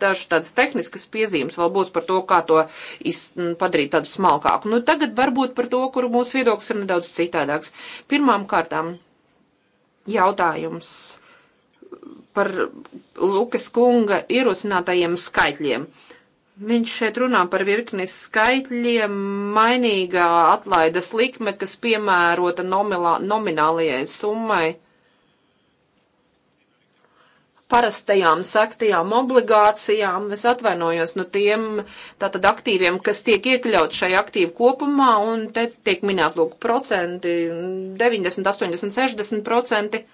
dažas tādas tehniskas piezīmes vēl būs par to, kā to iz, padarīt tādu smalkāku. Nu, tagad varbūt par to, kur mūsu viedoklis ir nedaudz citādāks. Pirmām kārtām jautājums par Lukas kunga ierosinātajiem skaitļiem. Viņš šeit runā par virkni skaitļiem, mainīgā atlaides likme, kas piemērota nominālajai summai parastajām sektajām obligācijām. Es atvainojos no tiem tātad aktīviem, kas tiek iekļaut šai aktīvu kopumā, un te tiek minēt, lūk, procenti, 90, 80, 60 procenti.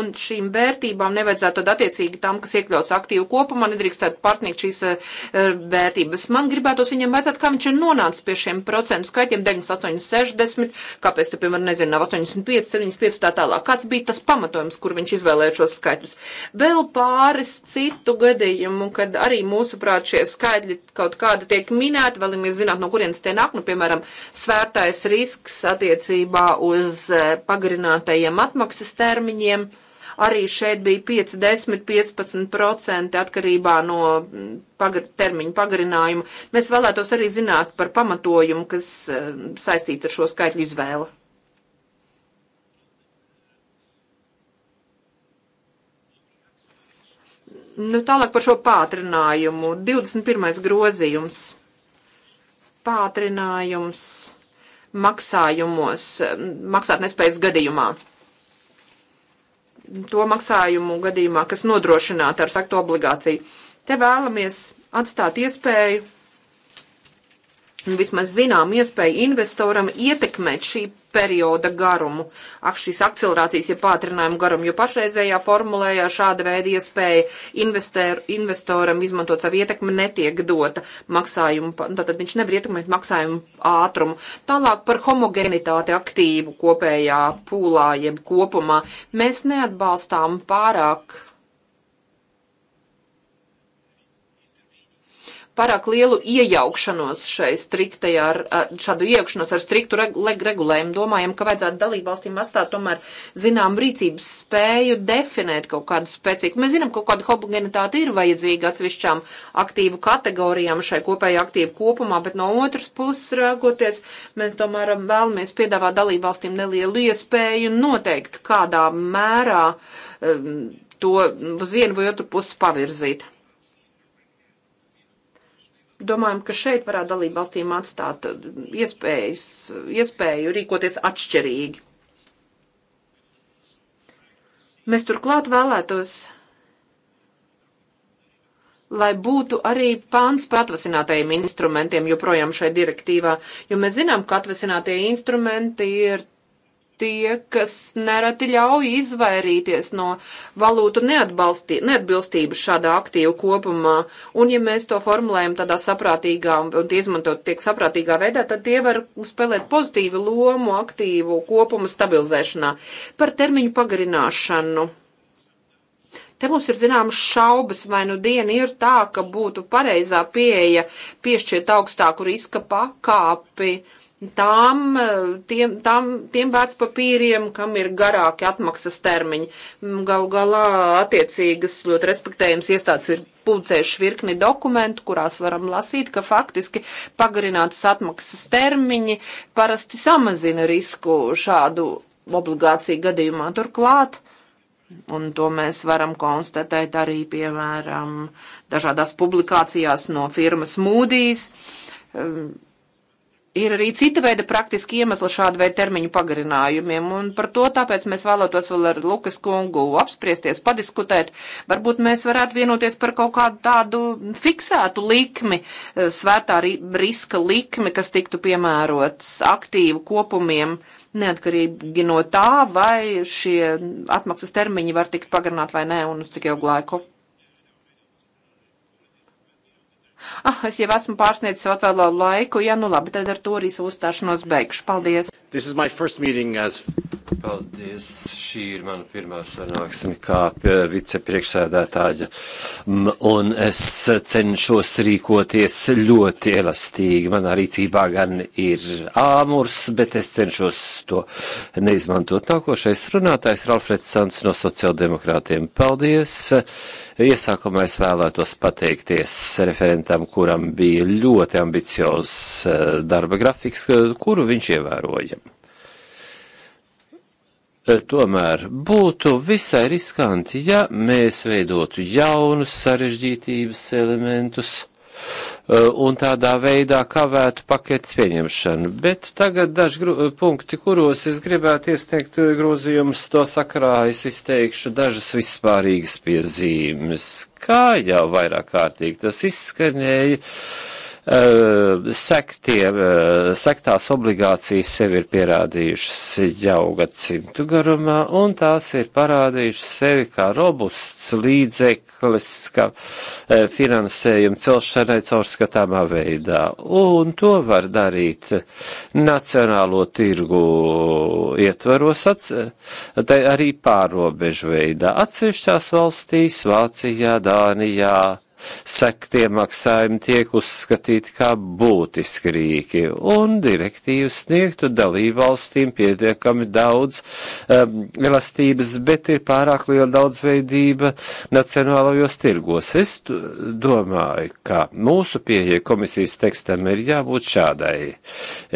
Un šīm vērtībām nevajadzētu tad attiecīgi tam, kas iekļauts aktīvu kopumā, nedrīkstētu pārsniegt šīs eh, vērtības. Man gribētos viņam vajadzētu, kā viņš ir nonācis pie šiem procentu skaitiem 98, 60, kāpēc, te, piemēram, nezinu, nav 85, 75 tā tālāk. Kāds bija tas pamatojums, kur viņš izvēlēja šos skaitļus? Vēl pāris citu gadījumu, kad arī mūsuprāt šie skaitļi kaut kāda tiek minēti, vēlamies zināt, no kurienes tie nāk, nu, piemēram, svērtais risks attiecībā uz eh, pagarinātajiem atmaksas termiņiem. Arī šeit bija 5, 10, 15% atkarībā no mm, pagar termiņu pagarinājumu. Mēs vēlētos arī zināt par pamatojumu, kas eh, saistīts ar šo skaitļu izvēli. Nu, tālāk par šo pātrinājumu. 21. grozījums. Pātrinājums maksājumos, maksātnespējas gadījumā to maksājumu gadījumā, kas nodrošināta ar saktu obligāciju. Te vēlamies atstāt iespēju, vismaz zinām iespēju investoram ietekmēt šī perioda garumu, ak šīs akcelerācijas, ja pātrinājumu garumu, jo pašreizējā formulējā šāda veida iespēja investēr, investoram izmantot savu ietekmi netiek dota maksājumu, nu, tātad viņš nevar ietekmēt maksājumu ātrumu. Tālāk par homogenitāti aktīvu kopējā pūlā, jeb kopumā, mēs neatbalstām pārāk pārāk lielu iejaukšanos šai striktajā, ar, šādu iejaukšanos ar striktu regulējumu. Domājam, ka vajadzētu dalībvalstīm atstāt tomēr zinām rīcības spēju definēt kaut kādu spēcīgu. Mēs zinām, ka kaut kāda homogenitāte ir vajadzīga atsevišķām aktīvu kategorijām šai kopējā aktīvu kopumā, bet no otras puses rāgoties, mēs tomēr vēlamies piedāvāt dalībvalstīm nelielu iespēju noteikt, kādā mērā um, to uz vienu vai otru pusi pavirzīt. Domājam, ka šeit varētu dalību valstīm atstāt iespējas, iespēju rīkoties atšķirīgi. Mēs turklāt vēlētos, lai būtu arī pāns par atvasinātajiem instrumentiem joprojām šai direktīvā, jo mēs zinām, ka atvasinātie instrumenti ir tie, kas nereti ļauj izvairīties no valūtu neatbilstības šādā aktīvu kopumā. Un, ja mēs to formulējam tādā saprātīgā un izmantot tiek saprātīgā veidā, tad tie var spēlēt pozitīvu lomu aktīvu kopumu stabilizēšanā par termiņu pagarināšanu. Te mums ir zināmas šaubas, vai nu diena ir tā, ka būtu pareizā pieeja piešķirt augstāku riska pakāpi. Pa tām, tiem, tām, tiem vērtspapīriem, kam ir garāki atmaksas termiņi. Mm, gal galā attiecīgas ļoti respektējums iestādes ir publicējuši virkni dokumentu, kurās varam lasīt, ka faktiski pagarinātas atmaksas termiņi parasti samazina risku šādu obligāciju gadījumā. Turklāt, un to mēs varam konstatēt arī, piemēram, dažādās publikācijās no firmas Mūdīs, Ir arī cita veida praktiski iemesli šādu veidu termiņu pagarinājumiem, un par to tāpēc mēs vēlētos vēl ar Lukas kungu apspriesties, padiskutēt. Varbūt mēs varētu vienoties par kaut kādu tādu fiksētu likmi, eh, svētā riska likmi, kas tiktu piemērots aktīvu kopumiem, neatkarīgi no tā, vai šie atmaksas termiņi var tikt pagarināt vai nē, un uz cik ilgu laiku. Ah, es jau esmu pārsniedzis atvēlēlu laiku, jā, nu labi, tad ar to arī savu stāšanos beigšu. Paldies! This is my first meeting as. Paldies. Šī ir mana pirmā sanāksme kā vicepriekšsēdētāja. Un es cenšos rīkoties ļoti elastīgi. Manā rīcībā gan ir āmurs, bet es cenšos to neizmantot. Nākošais runātājs ir Alfreds Sants no sociāldemokrātiem. Paldies. Iesākumā es vēlētos pateikties referentam, kuram bija ļoti ambiciozs eh, darba grafiks, kuru viņš ievēroja. Eh, tomēr būtu visai riskanti, ja mēs veidotu jaunus sarežģītības elementus eh, un tādā veidā kavētu paketes pieņemšanu. Bet tagad daži eh, punkti, kuros es gribētu iesniegt grozījumus, to sakarā es izteikšu dažas vispārīgas piezīmes, kā jau vairāk kārtīgi tas izskanēja. Uh, Eh, sektie, eh, sektās obligācijas sevi ir pierādījušas jau gadsimtu garumā, un tās ir parādījušas sevi kā robusts līdzeklis, kā eh, finansējuma celšanai caurskatāmā veidā. Un to var darīt nacionālo tirgu ietvaros, arī pārobežu veidā. Atsevišķās valstīs, Vācijā, Dānijā, sektie maksājumi tiek uzskatīti kā būtiski rīki, un direktīva sniegtu dalībvalstīm pietiekami daudz um, elastības, bet ir pārāk liela daudzveidība nacionālajos tirgos. Es domāju, ka mūsu pieeja komisijas tekstam ir jābūt šādai.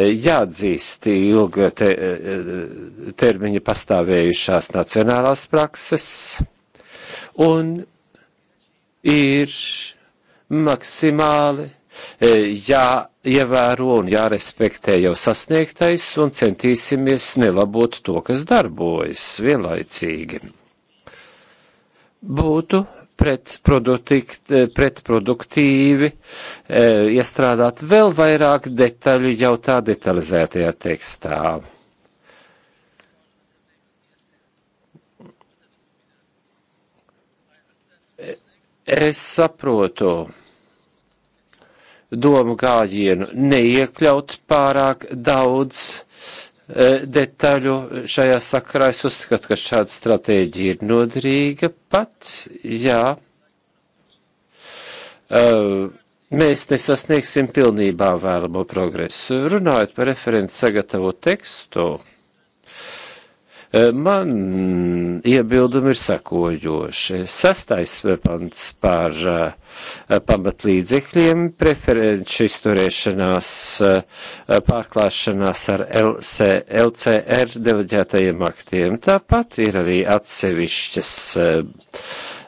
Jāatzīst ilga te, eh, termiņa pastāvējušās nacionālās prakses un ir maksimāli e, jāievēro un jārespektē jau sasniegtais un centīsimies nelabot to, kas darbojas vienlaicīgi. Būtu e, pretproduktīvi pret e, iestrādāt vēl vairāk detaļu jau tā detalizētajā tekstā. Es saprotu domu gājienu neiekļaut pārāk daudz e, detaļu šajā sakarā. Es uzskatu, ka šāda stratēģija ir nodrīga pats, jā. E, mēs nesasniegsim pilnībā vēlamo progresu. Runājot par referents sagatavo tekstu. Eh, man iebildumi ir sekojoši. Sastais pants par eh, pamatlīdzekļiem, preferenču izturēšanās, eh, pārklāšanās ar LC, LCR deleģētajiem aktiem. Tāpat ir arī atsevišķas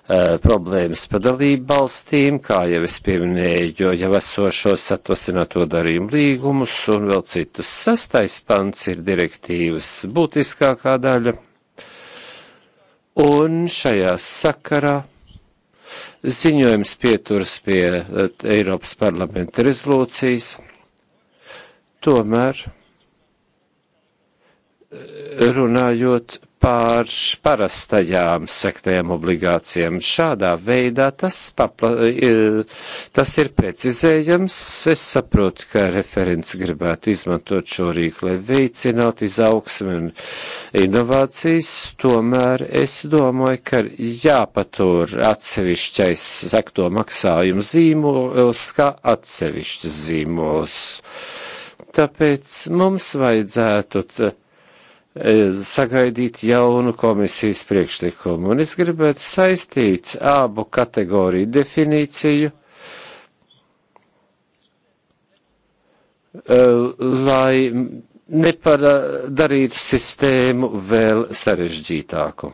Eh, problēmas par dalību valstīm, kā jau es pieminēju, jo jau esošos atvasināto darījumu līgumus un vēl citus. Sastais pants ir direktīvas būtiskākā daļa. Un šajā sakarā ziņojums pieturas pie eh, Eiropas parlamenta rezolūcijas. Tomēr runājot par parastajām sektējām obligācijām. Šādā veidā tas, papla, tas ir precizējams. Es saprotu, ka referents gribētu izmantot šo rīku, lai veicinātu izaugsmi un inovācijas. Tomēr es domāju, ka jāpatur atsevišķais sekto maksājumu zīmols kā atsevišķas zīmols. Tāpēc mums vajadzētu E, sagaidīt jaunu komisijas priekšlikumu. Un es gribētu saistīt abu kategoriju definīciju, e, lai nepadarītu sistēmu vēl sarežģītāku.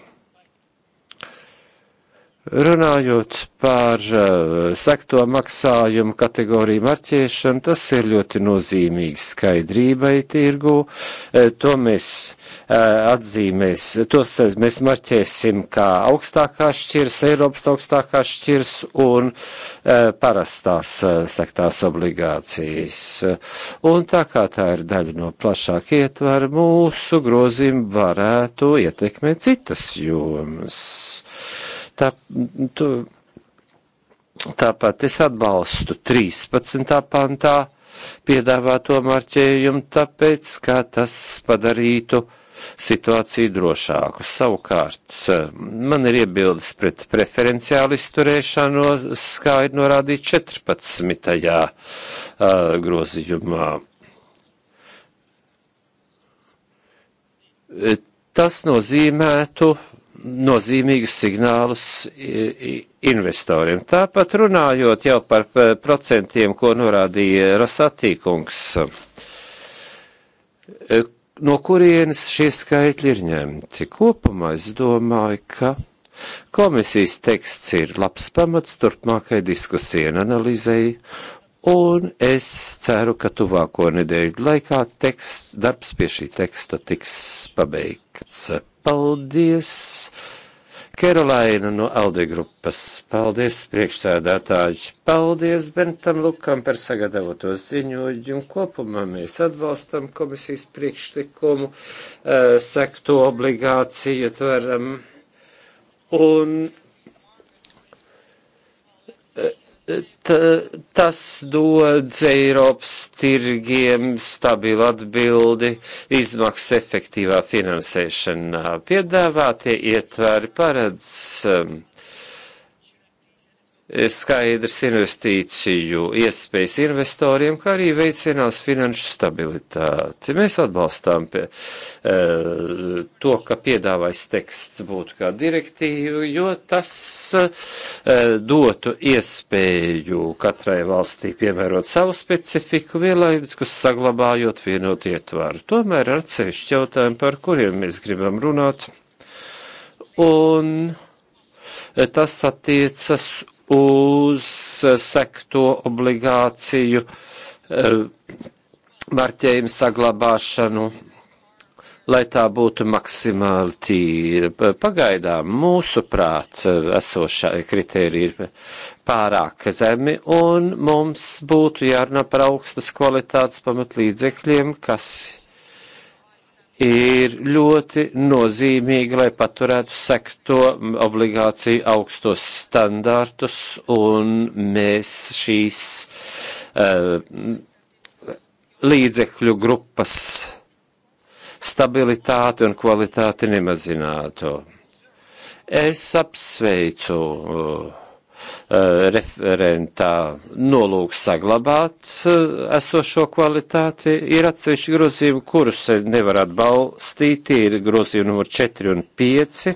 Runājot par eh, sekto maksājumu kategoriju marķēšanu, tas ir ļoti nozīmīgi skaidrībai tirgu. Eh, to mēs eh, atzīmēs, tos mēs marķēsim kā augstākās šķirs, Eiropas augstākās šķirs un parastās sektās obligācijas. Un tā kā tā ir daļa no plašāk ietvara, mūsu grozījumi varētu ietekmēt citas jomas. Tā, tu, tāpat es atbalstu 13. pantā piedāvāto marķējumu, tāpēc, ka tas padarītu situāciju drošāku. Savukārt, man ir iebildes pret preferenciālu izturēšanos, kā ir norādīts 14. grozījumā. Tas nozīmētu nozīmīgus signālus investoriem. Tāpat runājot jau par eh, procentiem, ko norādīja Rosatīkungs, eh, no kurienes šie skaitļi ir ņemti? Kopumā es domāju, ka komisijas teksts ir labs pamats turpmākai diskusijai un analīzei, un es ceru, ka tuvāko nedēļu laikā teksts, darbs pie šī teksta tiks pabeigts. Paldies! Kerolaina no Aldi grupas. Paldies, priekšsēdētāji. Paldies Bentam Lukam par sagatavoto ziņojumu. Kopumā mēs atbalstam komisijas priekšlikumu, uh, sekto obligāciju tveram. Un uh, t, tas dod Eiropas tirgiem stabilu atbildi izmaksu efektīvā finansēšanā. Piedāvātie ietvēri paredz um, skaidrs investīciju iespējas investoriem, kā arī veicinās finanšu stabilitāti. Mēs atbalstām pie, e, to, ka piedāvais teksts būtu kā direktīva, jo tas e, dotu iespēju katrai valstī piemērot savu specifiku, vienlaikus saglabājot vienot ietvaru. Tomēr ar cevišķi jautājumu, par kuriem mēs gribam runāt. Un tas attiecas uz sekto obligāciju eh, marķējumu saglabāšanu, lai tā būtu maksimāli tīra. Pagaidām mūsu prāts eh, esošā kritērija ir pārāk zemi, un mums būtu jārunā par augstas kvalitātes pamatlīdzekļiem, kas ir ļoti nozīmīgi, lai paturētu sekto obligāciju augstos standārtus, un mēs šīs uh, līdzekļu grupas stabilitāti un kvalitāti nemazinātu. Es apsveicu uh, Eh, referentā nolūks saglabāt eh, esošo kvalitāti. Ir atsevišķi grozījumi, kurus nevar atbalstīt, ir grozījumi numur 4 un 5.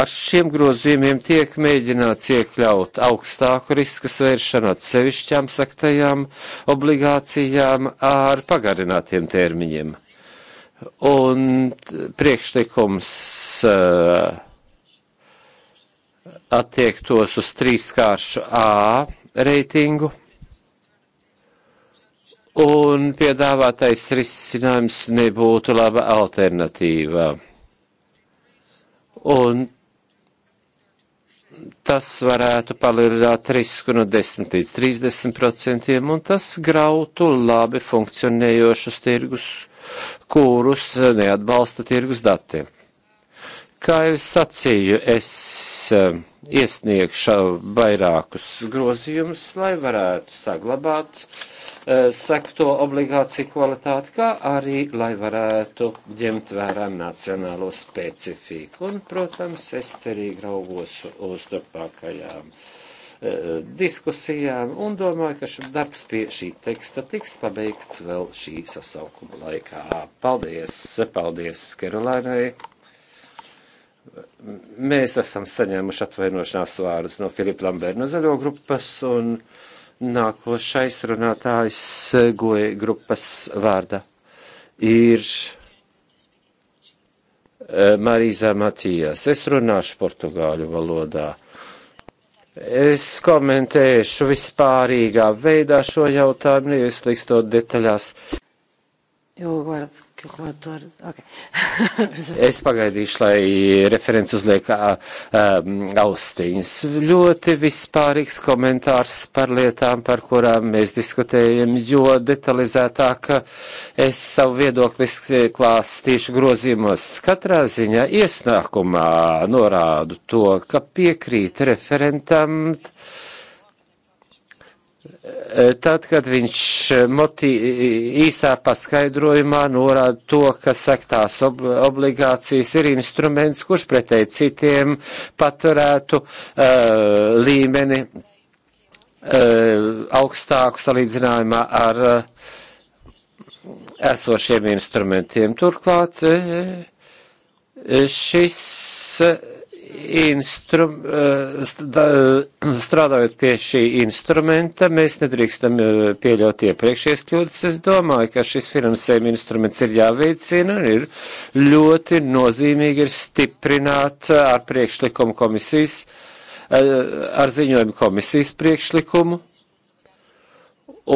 Ar šiem grozījumiem tiek mēģināts iekļaut augstāku riska svēršanu atsevišķām saktajām obligācijām ar pagarinātiem termiņiem. Un priekšlikums uh, attiektos uz trīskāršu A reitingu. Un piedāvātais risinājums nebūtu laba alternatīva. Un tas varētu palielināt risku no 10 līdz 30 procentiem, un tas grautu labi funkcionējošus tirgus, kurus neatbalsta tirgus datiem. Kā jau es sacīju, es eh, iesniegšu vairākus grozījumus, lai varētu saglabāt eh, sekto obligāciju kvalitāti, kā arī, lai varētu ņemt vērā nacionālo specifiku. Un, protams, es cerīgi raugos uz turpākajām eh, diskusijām un domāju, ka šis darbs pie šī teksta tiks pabeigts vēl šī sasaukuma laikā. Paldies, paldies Kerolainai! Mēs esam saņēmuši atvainošanās vārdus no Filipa Lamberta no zaļo grupas un nākošais runātājs goja grupas vārda ir eh, Marīza Matijas. Es runāšu portugāļu valodā. Es komentēšu vispārīgā veidā šo jautājumu, neieslīkstot detaļās. Jū, vārds que o relator. Okay. es pagaidīšu, lai referents uzliek um, austiņas. Ļoti vispārīgs komentārs par lietām, par kurām mēs diskutējam, jo detalizētāk es savu viedokli klāstīšu grozījumos. Katrā ziņā iesnākumā norādu to, ka piekrīt referentam. Uh, tad, kad viņš moti, īsā paskaidrojumā norāda to, ka sektās ob, obligācijas ir instruments, kurš pretēji citiem paturētu uh, līmeni uh, augstāku salīdzinājumā ar uh, esošiem instrumentiem. Turklāt uh, šis uh, instrum, eh, eh, strādājot pie šī instrumenta, mēs nedrīkstam eh, pieļaut iepriekšējās kļūdas. Es domāju, ka šis finansējuma instruments ir jāveicina un ir ļoti nozīmīgi ir stiprināt ar priekšlikumu komisijas, ar ziņojumu komisijas priekšlikumu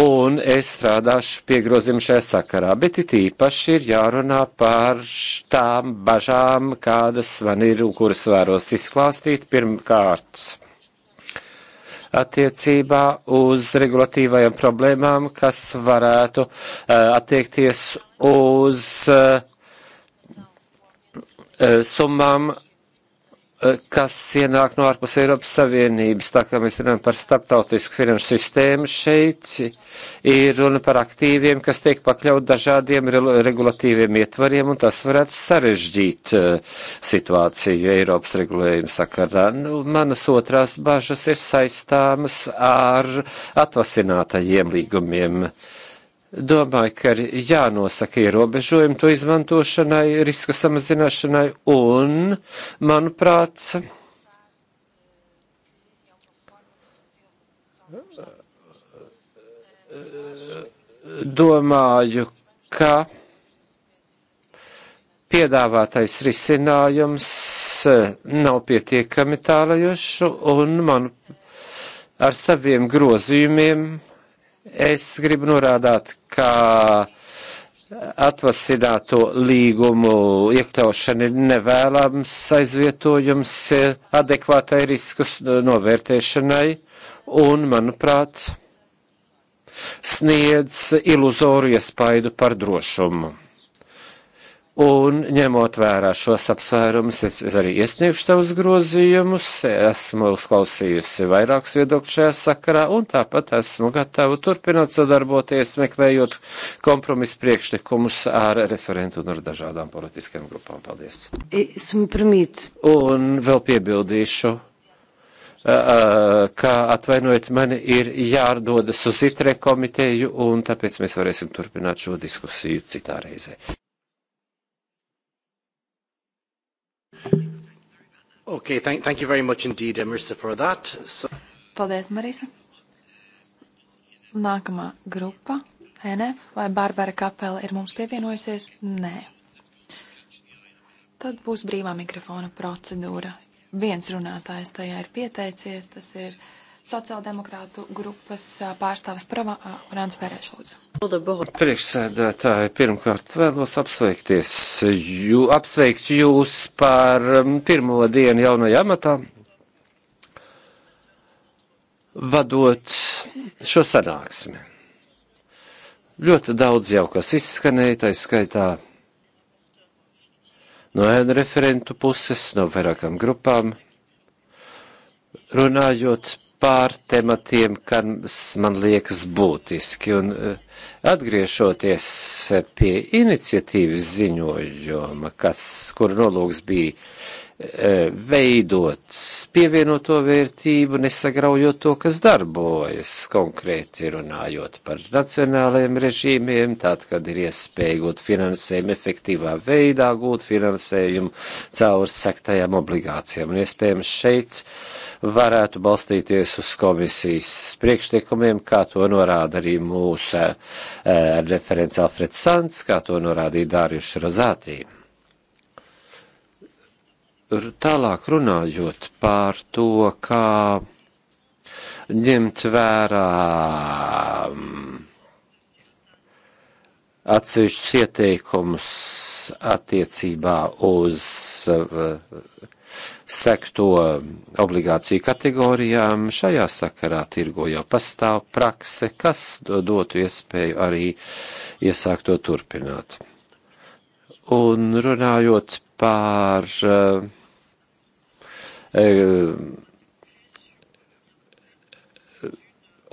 un es strādāšu pie grozījuma šajā sakarā, bet it īpaši ir jārunā par tām bažām, kādas man ir un kuras vēros izklāstīt pirmkārt attiecībā uz regulatīvajām problēmām, kas varētu uh, attiekties uz uh, summām Eh, kas ienāk no ārpus Eiropas Savienības, tā kā mēs runājam par starptautisku finanšu sistēmu, šeit ir runa par aktīviem, kas tiek pakļaut dažādiem regulatīviem ietvariem, un tas varētu sarežģīt eh, situāciju Eiropas regulējuma sakarā. Nu, manas otrās bažas ir saistāmas ar atvasinātajiem līgumiem. Uh, Domāju, ka ir jānosaka ierobežojumi to izmantošanai, risku samazināšanai un, manuprāt, domāju, ka piedāvātais risinājums nav pietiekami tālajošs un man ar saviem grozījumiem Es gribu norādāt, ka atvasināto līgumu iekļaušana ir nevēlams aizvietojums adekvātai riskus novērtēšanai un, manuprāt, sniedz iluzoru iespaidu par drošumu. Un ņemot vērā šos apsvērumus, es, es arī iesniegšu savus grozījumus, esmu uzklausījusi vairākus viedokļus šajā sakarā, un tāpat esmu gatava turpināt sadarboties, meklējot kompromisu priekšlikumus ar referentu un ar dažādām politiskajām grupām. Paldies! Un vēl piebildīšu. Uh, kā atvainojiet, man ir jādodas uz itre komiteju, un tāpēc mēs varēsim turpināt šo diskusiju citā reizē. Okay, thank, thank you very much indeed, Marisa, for that. So... Paldies, Marisa. Nākamā grupa, NF, vai Barbara Kapela ir mums pievienojusies? Nē. Tad būs brīvā mikrofona procedūra. Viens runātājs tajā ir pieteicies, tas ir uh, Sociāldemokrātu grupas pārstāvis Prava Rāns Pērēš, lūdzu. Priekšsēdētāji, pirmkārt vēlos apsveikties, jū, apsveikt jūs par pirmo dienu jaunajā amatā, vadot šo sanāksmi. Ļoti daudz jau kas izskanēja, tā skaitā no ēnu referentu puses, no vairākām grupām, runājot pār tematiem, kas man liekas būtiski. Un eh, atgriežoties pie iniciatīvas ziņojuma, kas, kur nolūks bija E, veidot pievienoto vērtību, nesagraujot to, kas darbojas, konkrēti runājot par nacionālajiem režīmiem, tad, kad ir iespēja gūt finansējumu efektīvā veidā, gūt finansējumu caur sektajām obligācijām. Un iespējams šeit varētu balstīties uz komisijas priekšlikumiem, kā to norāda arī mūsu e, referents Alfreds Sants, kā to norādīja Dārjuši Rozātīm. Tālāk runājot par to, kā ņemt vērā mm, atsevišķus ieteikumus attiecībā uz eh, sekto obligāciju kategorijām. Šajā sakarā tirgo jau pastāv prakse, kas dotu iespēju arī iesākt to turpināt. Un runājot par uh, uh,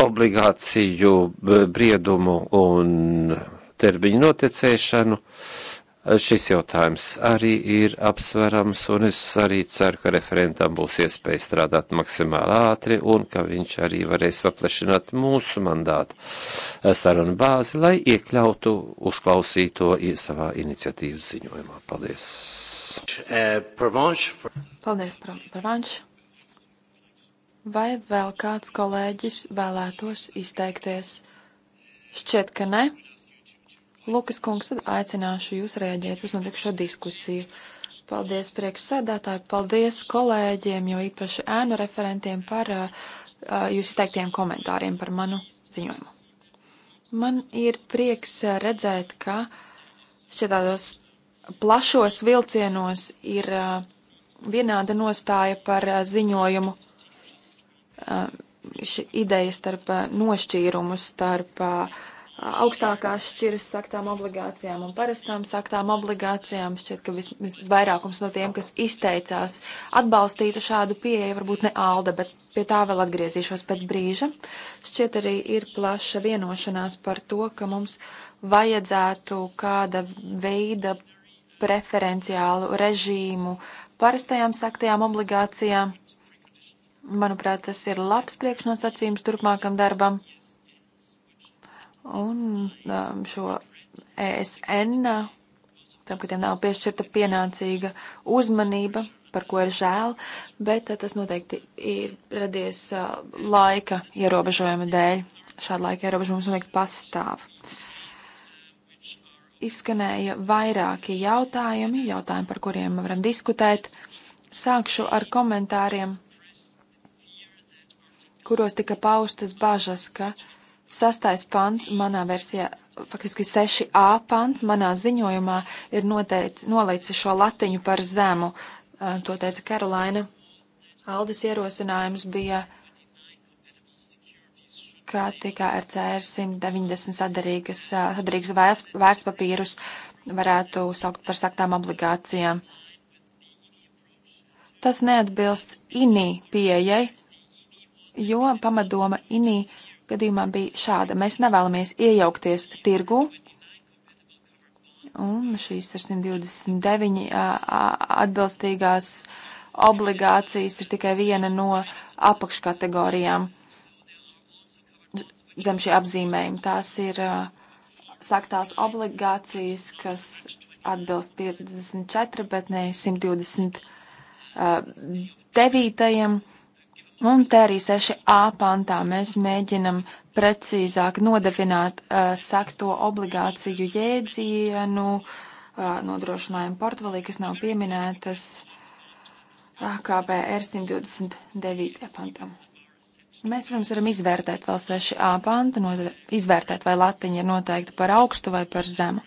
obligāciju eh, briedumu un termiņu noticēšanu. Uh, šis jautājums arī ir apsverams, un es arī ceru, ka referentam būs iespēja strādāt maksimāli ātri, un ka viņš arī varēs paplašināt mūsu mandātu eh, sarunu bāzi, lai iekļautu uzklausīto savā iniciatīvas ziņojumā. Paldies! Paldies, Pravanš! Vai vēl kāds kolēģis vēlētos izteikties? Šķiet, ka ne. Lukas kungs, tad aicināšu jūs rēģēt uz notikšo diskusiju. Paldies priekšsēdētāji, paldies kolēģiem, jo īpaši ēnu referentiem par uh, uh jūs izteiktiem komentāriem par manu ziņojumu. Man ir prieks uh, redzēt, ka šķietādos plašos vilcienos ir uh, vienāda nostāja par uh, ziņojumu uh, ideja starp uh, nošķīrumu, starp uh, augstākās šķiras saktām obligācijām un parastām saktām obligācijām. Šķiet, ka vis, visvairākums no tiem, kas izteicās atbalstītu šādu pieeju, varbūt ne Alda, bet pie tā vēl atgriezīšos pēc brīža. Šķiet arī ir plaša vienošanās par to, ka mums vajadzētu kāda veida preferenciālu režīmu parastajām saktajām obligācijām. Manuprāt, tas ir labs priekšnosacījums turpmākam darbam un um, šo ESN, uh, tam, ka tiem nav piešķirta pienācīga uzmanība, par ko ir žēl, bet uh, tas noteikti ir radies uh, laika ierobežojuma dēļ. Šāda laika ierobežojums noteikti pastāv. Izskanēja vairāki jautājumi, jautājumi, par kuriem varam diskutēt. Sākšu ar komentāriem, kuros tika paustas bažas, ka uh, Sastais pants manā versijā, faktiski 6a pants manā ziņojumā ir noteic, nolaicis šo latiņu par zemu. To teica Karolaina. Aldis ierosinājums bija, ka tikai ar CR 190 sadarīgas, sadarīgas vērtspapīrus varētu saukt par saktām obligācijām. Tas neatbilst INI pieejai, jo pamadoma INI gadījumā bija šāda. Mēs nevēlamies iejaukties tirgu, un šīs ar 129 atbilstīgās obligācijas ir tikai viena no apakškategorijām zem šī apzīmējuma. Tās ir saktās obligācijas, kas atbilst 54, bet ne 129. Un te arī 6a pantā mēs mēģinam precīzāk nodefinēt uh, sekto obligāciju jēdzienu, uh, nodrošinājumu portfelī, kas nav pieminētas uh, KPR 129. pantam. Mēs, protams, varam izvērtēt vēl 6a pantu, no, izvērtēt, vai latiņa ir noteikti par augstu vai par zemu.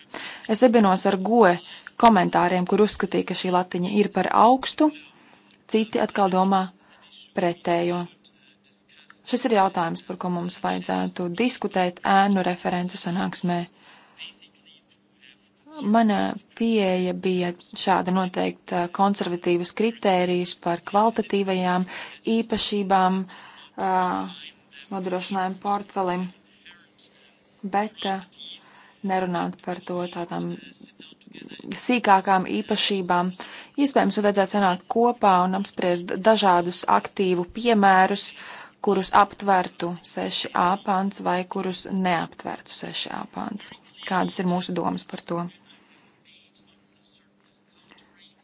Es iebinos ar goe komentāriem, kur uzskatīja, ka šī latiņa ir par augstu, citi atkal domā, pretējo. Šis ir jautājums, par ko mums vajadzētu diskutēt ēnu referentu sanāksmē. Mana pieeja bija šāda noteikta konservatīvus kritērijus par kvalitatīvajām īpašībām uh, nodrošinājumu portfelim, bet uh, nerunāt par to tādām sīkākām īpašībām. Iespējams, vajadzētu sanākt kopā un apspriest dažādus aktīvu piemērus, kurus aptvertu 6A pants vai kurus neaptvertu 6A pants. Kādas ir mūsu domas par to?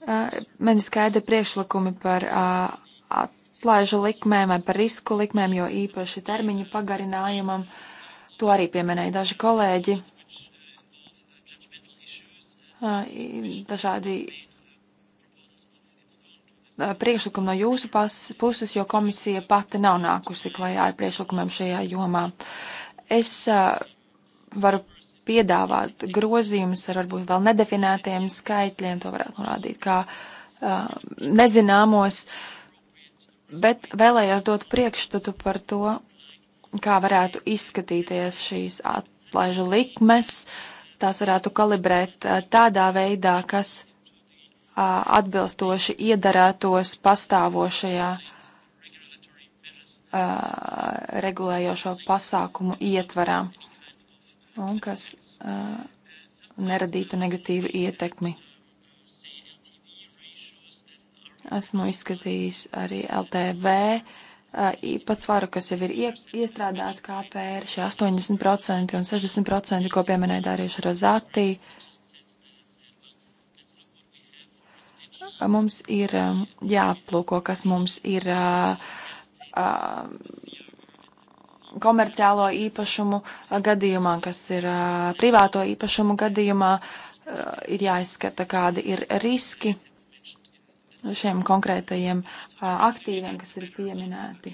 Man ir skaidri priekšlikumi par atlaižu likmēm vai par risku likmēm, jo īpaši termiņu pagarinājumam. To arī pieminēja daži kolēģi dažādi priekšlikumi no jūsu puses, jo komisija pati nav nākusi klajā ar priekšlikumiem šajā jomā. Es varu piedāvāt grozījumus ar varbūt vēl nedefinētiem skaitļiem, to varētu norādīt kā nezināmos, bet vēlējos dot priekšstatu par to, kā varētu izskatīties šīs atlaižu likmes, uh, tās varētu kalibrēt tādā veidā, kas atbilstoši iedarētos pastāvošajā regulējošo pasākumu ietvarā un kas neradītu negatīvu ietekmi. Esmu izskatījis arī LTV uh, īpatsvaru, kas jau ir iestrādāts kā pēr, šie 80% un 60%, ko pieminēja Dārieša Rozātī. Mums ir jāaplūko, kas mums ir komerciālo īpašumu gadījumā, kas ir privāto īpašumu gadījumā, ir jāizskata, kādi ir riski šiem konkrētajiem aktīviem, kas ir pieminēti.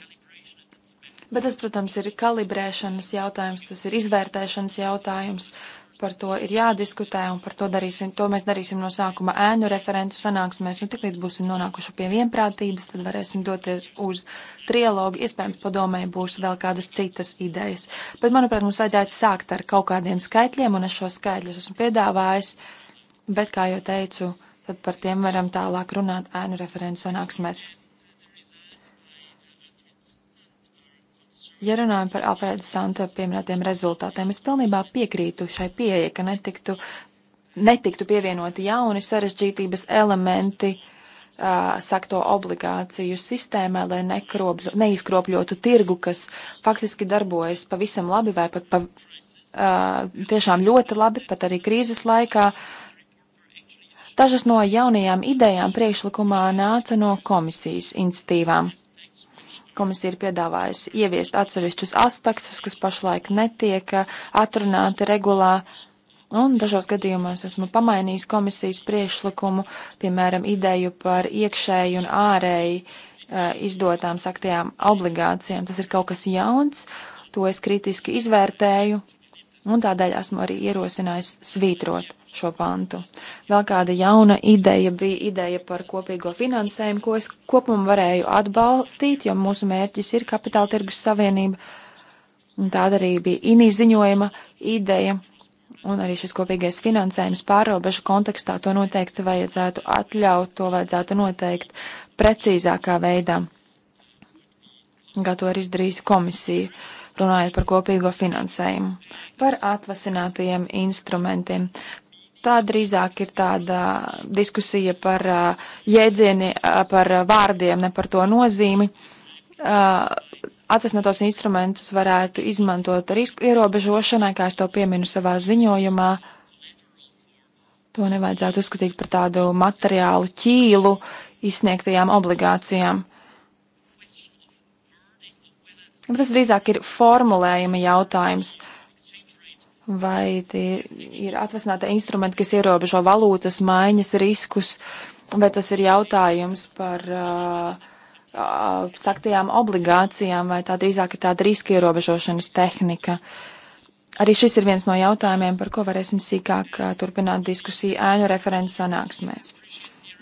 Bet tas, protams, ir kalibrēšanas jautājums, tas ir izvērtēšanas jautājums, par to ir jādiskutē un par to darīsim, to mēs darīsim no sākuma ēnu referentu sanāksmēs, un nu, tiklīdz būsim nonākuši pie vienprātības, tad varēsim doties uz trialogu, iespējams padomē būs vēl kādas citas idejas. Bet, manuprāt, mums vajadzētu sākt ar kaut kādiem skaitļiem, un es šo skaitļus esmu piedāvājis, bet, kā jau teicu, uh, tad par tiem varam tālāk runāt ēnu referentu sanāksmēs. Ja runājam par Alfrēda Santa pieminētiem rezultātiem, es pilnībā piekrītu šai pieeja, ka netiktu, netiktu pievienoti jauni sarežģītības elementi uh, sakto obligāciju sistēmai, lai nekropļu, neizkropļotu tirgu, kas faktiski darbojas pavisam labi vai pat pa, uh, tiešām ļoti labi, pat arī krīzes laikā. Uh, Dažas no jaunajām idejām priekšlikumā nāca no komisijas institīvām. Komisija ir piedāvājusi ieviest atsevišķus aspektus, kas pašlaik netiek eh, atrunāti regulā, un dažos gadījumos esmu pamainījis komisijas priekšlikumu, piemēram, ideju par iekšēju un ārēji uh, izdotām saktajām obligācijām. Tas ir kaut kas jauns, to es kritiski izvērtēju, un tādēļ esmu arī ierosinājis svītrot šo pantu. Vēl kāda jauna ideja bija ideja par kopīgo finansējumu, ko es kopumā varēju atbalstīt, jo mūsu mērķis ir kapitāla tirgus savienība. Un tāda arī bija inī ziņojuma ideja. Un arī šis kopīgais finansējums pārobežu kontekstā to noteikti vajadzētu atļaut, to vajadzētu noteikt precīzākā veidā, kā to arī izdarījusi komisija. Uh, runājot par kopīgo finansējumu, par atvasinātajiem instrumentiem. Tā drīzāk ir tāda diskusija par jēdzieni, par vārdiem, ne par to nozīmi. Atvesinātos instrumentus varētu izmantot risku ierobežošanai, kā es to pieminu savā ziņojumā. To nevajadzētu uzskatīt par tādu materiālu ķīlu izsniegtajām obligācijām. Bet tas drīzāk ir formulējuma jautājums. Uh, vai tie ir atvasinātie instrumenti, kas ierobežo valūtas maiņas riskus, vai tas ir jautājums par uh, uh, saktajām obligācijām, vai tā drīzāk ir tāda riska ierobežošanas tehnika. Arī šis ir viens no jautājumiem, par ko varēsim sīkāk uh, turpināt diskusiju ēnu referentu sanāksmēs.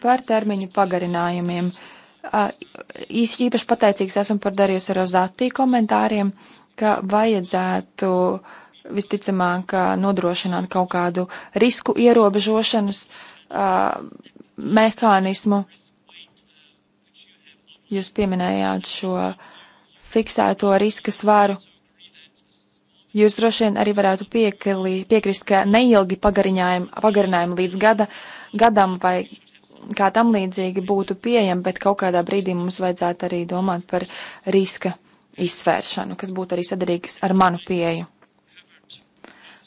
Par termiņu pagarinājumiem. Uh, īpaši pateicīgs esmu par Darījus Rozatī komentāriem, ka vajadzētu uh, visticamāk nodrošināt kaut kādu risku ierobežošanas uh, mehānismu. Jūs pieminējāt šo fiksēto riska svaru. Jūs droši vien arī varētu piekli, piekrist, ka neilgi pagarinājumi līdz gada, gadam vai kā tam līdzīgi būtu pieejami, bet kaut kādā brīdī mums vajadzētu arī domāt par riska izsvēršanu, kas būtu arī sadarīgs ar manu pieeju.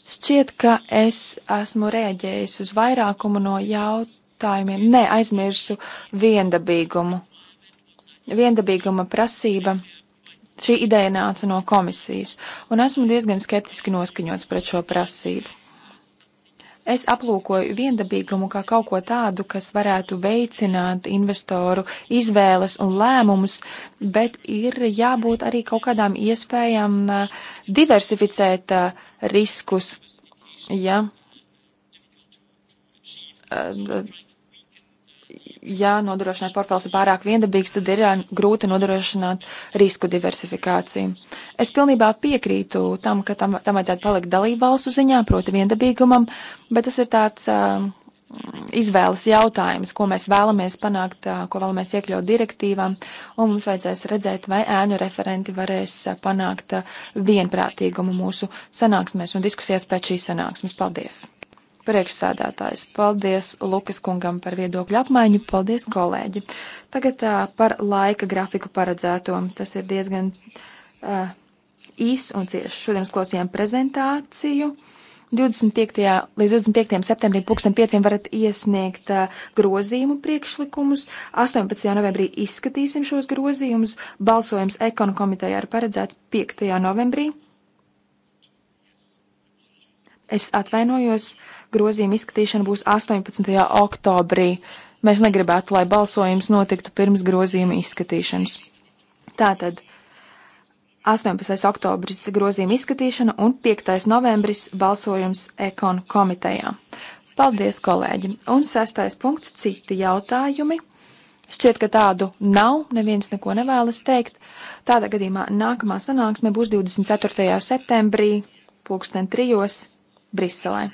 Šķiet, ka es esmu reaģējis uz vairākumu no jautājumiem. Nē, aizmirsu viendabīgumu. Viendabīguma prasība. Šī ideja nāca no komisijas, un esmu diezgan skeptiski noskaņots pret šo prasību. Es aplūkoju viendabīgumu kā kaut ko tādu, kas varētu veicināt investoru izvēles un lēmumus, bet ir jābūt arī kaut kādām iespējām uh, diversificēt uh, riskus. Ja? Uh, ja nodrošināt portfels ir pārāk viendabīgs, tad ir grūti nodrošināt risku diversifikāciju. Es pilnībā piekrītu tam, ka tam, tam vajadzētu palikt dalību valstu ziņā, proti viendabīgumam, bet tas ir tāds uh, izvēles jautājums, ko mēs vēlamies panākt, uh, ko vēlamies iekļaut direktīvā, un mums vajadzēs redzēt, vai ēnu referenti varēs uh, panākt uh, vienprātīgumu mūsu sanāksmēs un diskusijās pēc šīs sanāksmes. Paldies! Priekšsēdētājs, paldies Lukas kungam par viedokļu apmaiņu, paldies kolēģi. Tagad tā, par laika grafiku paredzēto. Tas ir diezgan uh, īs un cieši. Šodien uzklausījām prezentāciju. 25. līdz 25. septembrim 2005. varat iesniegt uh, grozījumu priekšlikumus. 18. novembrī izskatīsim šos grozījumus. Balsojums ekonu komiteja ir paredzēts 5. novembrī. Es atvainojos, grozījuma izskatīšana būs 18. oktobrī. Mēs negribētu, lai balsojums notiktu pirms grozījuma izskatīšanas. Tātad 18. oktobris grozījuma izskatīšana un 5. novembris balsojums ekon komitejā. Paldies, kolēģi! Un sestais punkts - citi jautājumi. Šķiet, ka tādu nav, neviens neko nevēlas teikt. Tādā gadījumā nākamā sanāksme būs 24. septembrī, pulksten trijos. Briselē.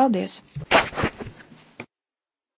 Paldies!